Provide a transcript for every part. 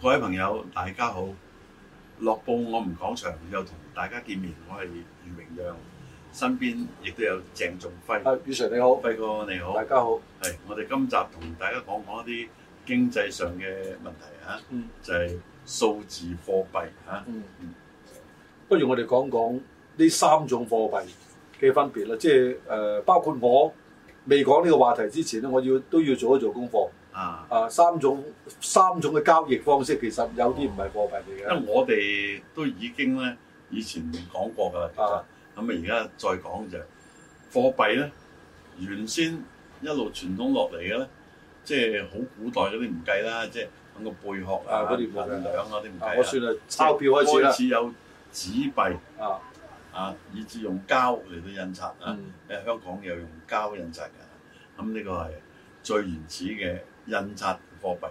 各位朋友，大家好，樂報我哋講場，又同大家見面，我係余明讓，身邊亦都有鄭仲輝。阿余 Sir 你好，輝哥你好，大家好。係我哋今集同大家講講一啲經濟上嘅問題啊，嗯、就係數字貨幣啊。嗯嗯、不如我哋講講呢三種貨幣嘅分別啦，即係誒、呃，包括我。未講呢個話題之前咧，我都要都要做一做功課。啊啊，三種三種嘅交易方式其實有啲唔係貨幣嚟嘅。因為我哋都已經咧，以前講過㗎啦，其實咁啊，而家再講就係貨幣咧，原先一路傳統落嚟嘅咧，即係好古代嗰啲唔計啦，即係揾個貝殼啊、銀兩啊啲唔計，我算係鈔票開始啦，開始有紙幣。啊啊！以至用膠嚟到印刷啊！誒，香港又用膠印刷嘅，咁呢個係最原始嘅印刷貨幣，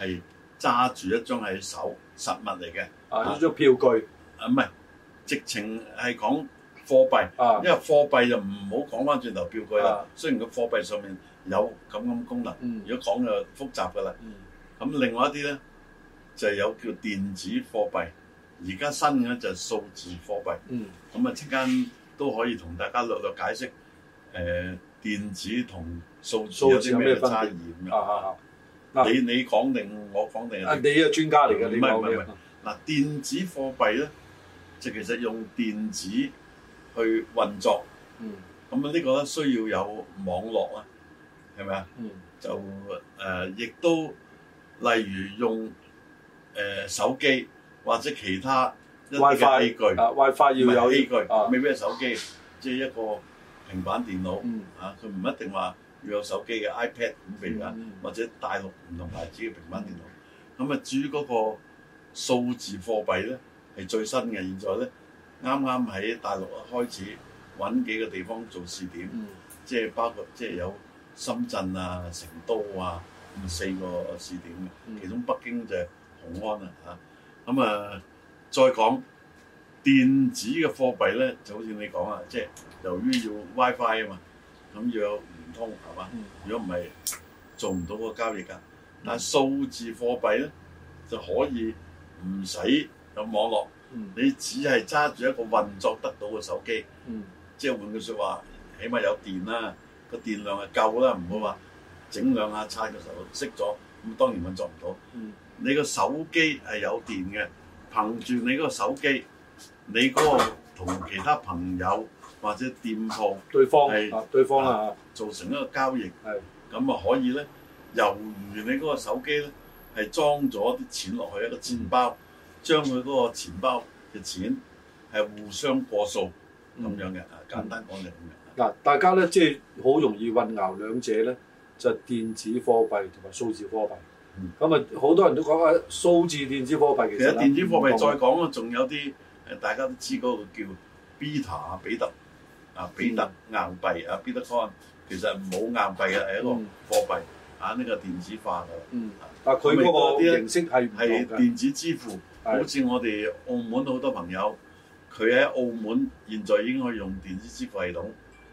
係揸住一張係手實物嚟嘅啊！一張票據啊，唔係直情係講貨幣啊，因為貨幣就唔好講翻轉頭票據啊。雖然個貨幣上面有咁樣功能，如果講就複雜㗎啦。咁另外一啲咧，就有叫電子貨幣。而家新嘅就係數字貨幣，咁啊、嗯、即間都可以同大家略略解釋，誒、呃、電子同數字有啲咩差異咁樣、啊啊。你你講定我講定啊？你啊專家嚟嘅，不你係唔嗱電子貨幣咧，就其實用電子去運作，咁啊呢個咧需要有網絡啊，係咪啊？嗯、就誒亦、呃、都例如用誒、呃、手機，或者其他一啲嘅器具，啊，WiFi 要有器具，未必係手機，即係一個平板電腦，嚇佢唔一定話要有手機嘅 iPad 咁譬如啊，或者大陸唔同牌子嘅平板電腦。咁啊，至於嗰個數字貨幣咧，係最新嘅，現在咧啱啱喺大陸開始揾幾個地方做試點，即係包括即係有深圳啊、成都啊咁四個試點嘅，其中北京就係雄安啊嚇。咁啊、嗯，再講電子嘅貨幣咧，就好似你講啊，即係由於要 WiFi 啊嘛，咁要有連通係嘛？如果唔係做唔到個交易㗎。但係數字貨幣咧就可以唔使有網絡，嗯、你只係揸住一個運作得到嘅手機，嗯、即係換句説話，起碼有電啦，個電量係夠啦，唔會話整兩下差嘅時候熄咗，咁當然運作唔到。嗯你個手機係有電嘅，憑住你嗰個手機，你嗰個同其他朋友或者店鋪對方係是啊對方啦，做成一個交易，咁啊是可以咧，由於你嗰個手機咧係裝咗啲錢落去一個錢包，將佢嗰個錢包嘅錢係互相過數咁樣嘅啊，簡單講就咁樣。嗱、嗯，大家咧即係好容易混淆兩者咧，就係、是、電子貨幣同埋數字貨幣。咁啊，好、嗯、多人都講啊，數字電子貨幣其實電子貨幣再講啊，仲同有啲誒，大家都知嗰個叫 Beta 啊，比特啊，比特硬幣啊，BTC，其實冇硬幣嘅，係、嗯、一個貨幣啊，呢、這個電子化嘅。嗯，但佢嗰個形式係唔同嘅，係電子支付，好似我哋澳門好多朋友，佢喺的澳門現在已經可以用電子支付系統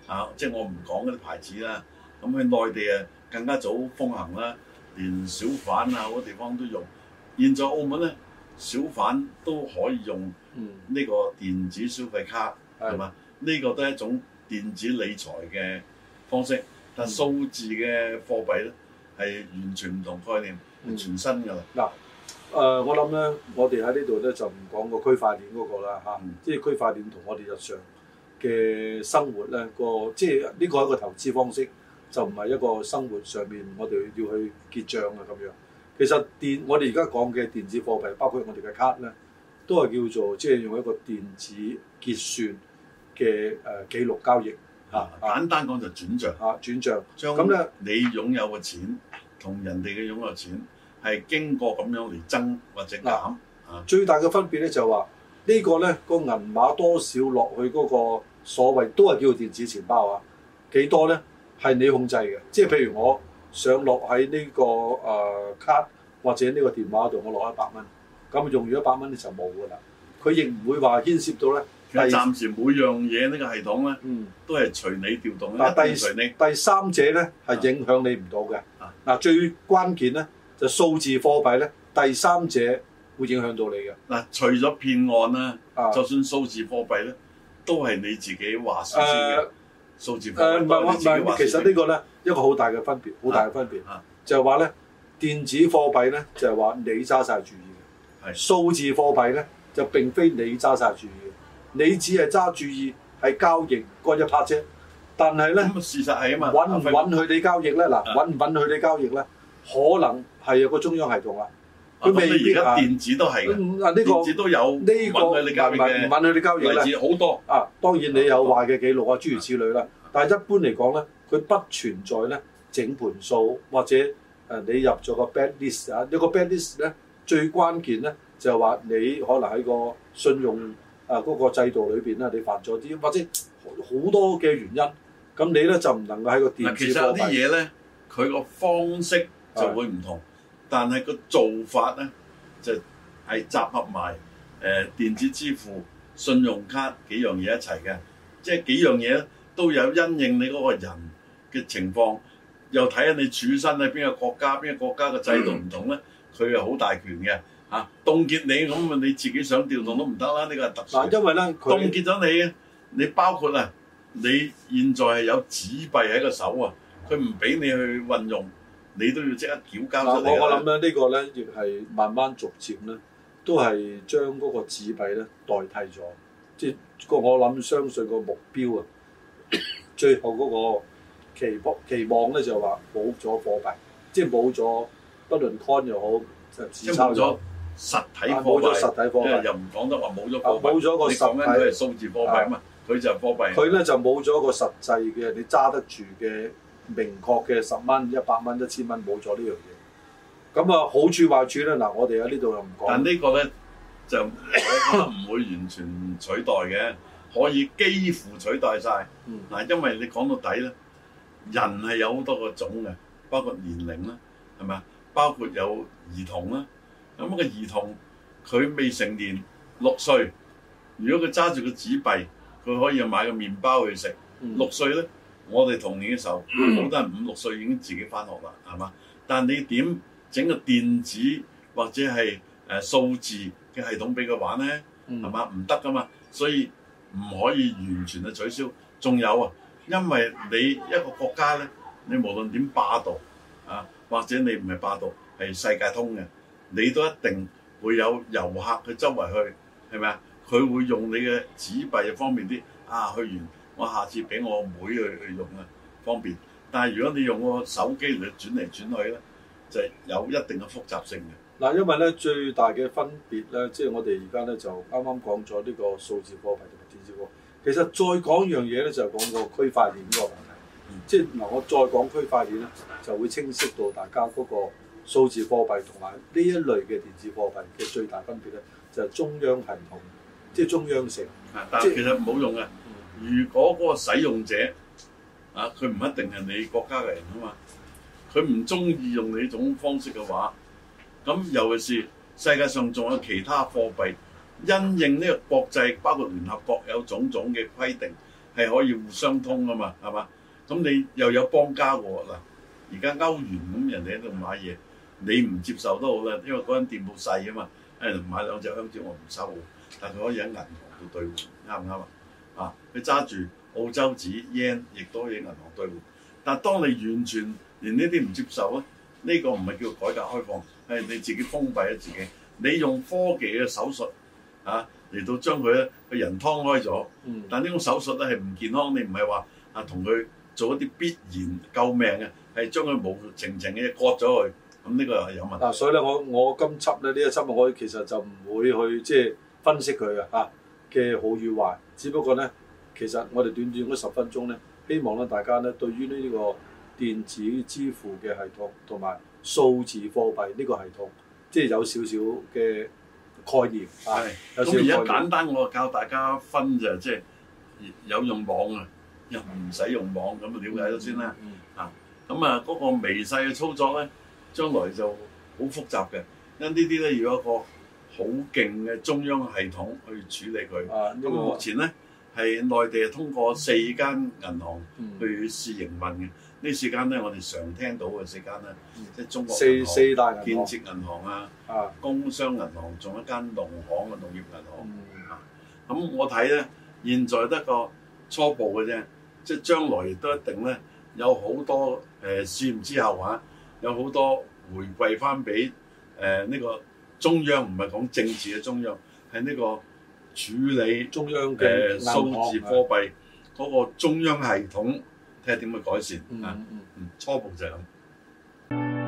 啊，即係我唔講嗰啲牌子啦。咁佢內地啊，更加早風行啦。嗯連小販啊，好多地方都用。現在澳門咧，小販都可以用呢個電子消費卡，係嘛、嗯？呢、這個都係一種電子理財嘅方式。嗯、但數字嘅貨幣咧，係完全唔同概念，嗯、全新㗎。嗱，誒，我諗咧，我哋喺呢度咧就唔講個區塊鏈嗰個啦，嚇、啊，嗯、即係區塊鏈同我哋日常嘅生活咧、那個，即係呢個一個投資方式。就唔係一個生活上面我哋要去結帳啊咁樣。其實電我哋而家講嘅電子貨幣，包括我哋嘅卡咧，都係叫做即係、就是、用一個電子結算嘅誒、呃、記錄交易嚇。簡、啊、單講就轉賬嚇、啊，轉賬。咁咧你擁有嘅錢同、嗯、人哋嘅擁有錢係經過咁樣嚟增或者減、啊啊、最大嘅分別咧就係、是、話、這個、呢個咧、那個銀碼多少落去嗰個所謂都係叫做電子錢包啊？幾多咧？係你控制嘅，即係譬如我上落喺呢、這個誒、呃、卡或者呢個電話度，我落一百蚊，咁用咗一百蚊你就冇噶啦，佢亦唔會話牽涉到咧。暫時每樣嘢呢個系統咧，都係隨你調動咧，嗯、一啲都隨你。第三者咧係影響你唔到嘅。嗱、啊，最關鍵咧就數字貨幣咧，第三者會影響到你嘅。嗱、啊，除咗騙案啦，啊、就算數字貨幣咧，都係你自己話事先嘅。啊數字誒唔係唔係，其實個呢個咧一個好大嘅分別，好、啊、大嘅分別、啊，就係話咧電子貨幣咧就係話你揸晒注意嘅。數、啊、字貨幣咧就並非你揸晒注意嘅，你只係揸注意係交易嗰隻 part 啫，但係咧事實係找不 啊嘛，允唔允許你交易咧？嗱、啊，允唔允許你交易咧、啊？可能係有個中央系統啊。佢而家電子都係嘅，啊這個、電子都有允你，唔允佢哋交易嘅，例子好多啊！當然你有壞嘅記錄啊，諸如此類啦。啊、但係一般嚟講咧，佢不存在咧整盤數，或者誒你入咗個 bad list 啊，一、這個 bad list 咧，最關鍵咧就係、是、話你可能喺個信用啊嗰個制度裏邊咧，你犯咗啲或者好多嘅原因，咁你咧就唔能夠喺個電子貨幣、啊。其實有啲嘢咧，佢個方式就會唔同。但係個做法咧，就係、是、集合埋誒、呃、電子支付、信用卡幾樣嘢一齊嘅，即係幾樣嘢都有因應你嗰個人嘅情況，又睇下你處身喺邊個國家，邊個國家嘅制度唔同咧，佢係好大權嘅嚇、啊，凍結你咁啊，你自己想調動都唔得啦，呢、這個係特殊。嗱、啊，因為咧凍結咗你，你包括啊，你現在係有紙幣喺個手啊，佢唔俾你去運用。你都要即刻繳交出嚟，我我諗咧，呢個咧亦係慢慢逐漸咧，都係將嗰個紙幣咧代替咗。即、就、個、是、我諗相信個目標啊， 最後嗰個期望期望咧就話冇咗貨幣，即冇咗不論 Con 又好，即冇咗實體貨幣，又唔講得話冇咗貨幣，冇咗、啊、個十蚊嗰啲數字貨幣啊嘛，佢就貨幣，佢咧呢就冇咗個實際嘅你揸得住嘅。明確嘅十蚊、一百蚊、一千蚊冇咗呢樣嘢，咁啊，好處壞處咧，嗱，我哋喺呢度又唔講。但呢個咧就可能唔會完全取代嘅，可以幾乎取代晒。嗱，因為你講到底咧，人係有好多個種嘅，包括年齡啦，係咪啊？包括有兒童啦，咁、那個兒童佢未成年六歲，如果佢揸住個紙幣，佢可以買個麵包去食。嗯、六歲咧。我哋童年嘅時候，嗯、我都係五六歲已經自己返學啦，係嘛？但你點整個電子或者係誒數字嘅系統俾佢玩咧，係嘛？唔得㗎嘛，所以唔可以完全去取消。仲有啊，因為你一個國家咧，你無論點霸道，啊，或者你唔係霸道，係世界通嘅，你都一定會有遊客去周圍去，係咪啊？佢會用你嘅紙幣方便啲啊，去完。我下次俾我妹去去用啊，方便。但係如果你用個手機嚟轉嚟轉去咧，就係有一定嘅複雜性嘅。嗱，因為咧最大嘅分別咧，即係我哋而家咧就啱啱講咗呢個數字貨幣同埋電子貨。其實再講一樣嘢咧，就係講個區塊鏈個問題。嗯。即係嗱，我再講區塊鏈咧，就會清晰到大家嗰個數字貨幣同埋呢一類嘅電子貨幣嘅最大分別咧，就係中央系統，即係中央城。啊，但係其實唔好用嘅。如果嗰個使用者啊，佢唔一定係你國家嘅人啊嘛，佢唔中意用你種方式嘅話，咁尤其是世界上仲有其他貨幣，因應呢個國際包括聯合國有種種嘅規定，係可以互相通啊嘛，係嘛？咁你又有幫家貨嗱，啊，而家歐元咁人哋喺度買嘢，你唔接受都好啦，因為嗰間店舖細啊嘛，誒買兩隻香蕉我唔收，但佢可以喺銀行度兌換，啱唔啱啊？啊！佢揸住澳洲紙 yen，亦都可以銀行兌換。但係當你完全連呢啲唔接受咧，呢、這個唔係叫改革開放，係你自己封閉咗自己。你用科技嘅手術啊，嚟到將佢咧個人劏開咗。但係呢種手術咧係唔健康，你唔係話啊同佢做一啲必然救命嘅，係將佢無情情嘅割咗佢。咁呢個又係有問題、啊。所以咧，我我今輯咧呢一輯，我其實就唔會去即係、就是、分析佢嘅吓。啊嘅好與壞，只不過咧，其實我哋短短嗰十分鐘咧，希望咧大家咧對於呢呢個電子支付嘅系統同埋數字貨幣呢個系統，即係有少少嘅概念啊。咁而家簡單，我教大家分就即、係、係有用網啊，又唔使用，用網，咁啊瞭解咗先啦。嗯嗯、啊，咁啊嗰個微細嘅操作咧，將來就好複雜嘅，因呢啲咧要一個。好勁嘅中央系統去處理佢。不過咁目前咧係內地係通過四間銀行去試營運嘅。嗯、這這呢四間咧我哋常聽到嘅四間咧，即係、嗯中，就是、中國四四大銀行、建設銀行啊、啊工商銀行仲有一間農行嘅農業銀行。咁、嗯嗯嗯、我睇咧，現在得個初步嘅啫，即係將來亦都一定咧有好多誒試驗之後啊，有好多回饋翻俾誒呢個。中央唔係講政治嘅中央，係呢個處理中央嘅數字貨幣嗰個中央系統睇下點去改善。嗯嗯嗯，初步就係咁。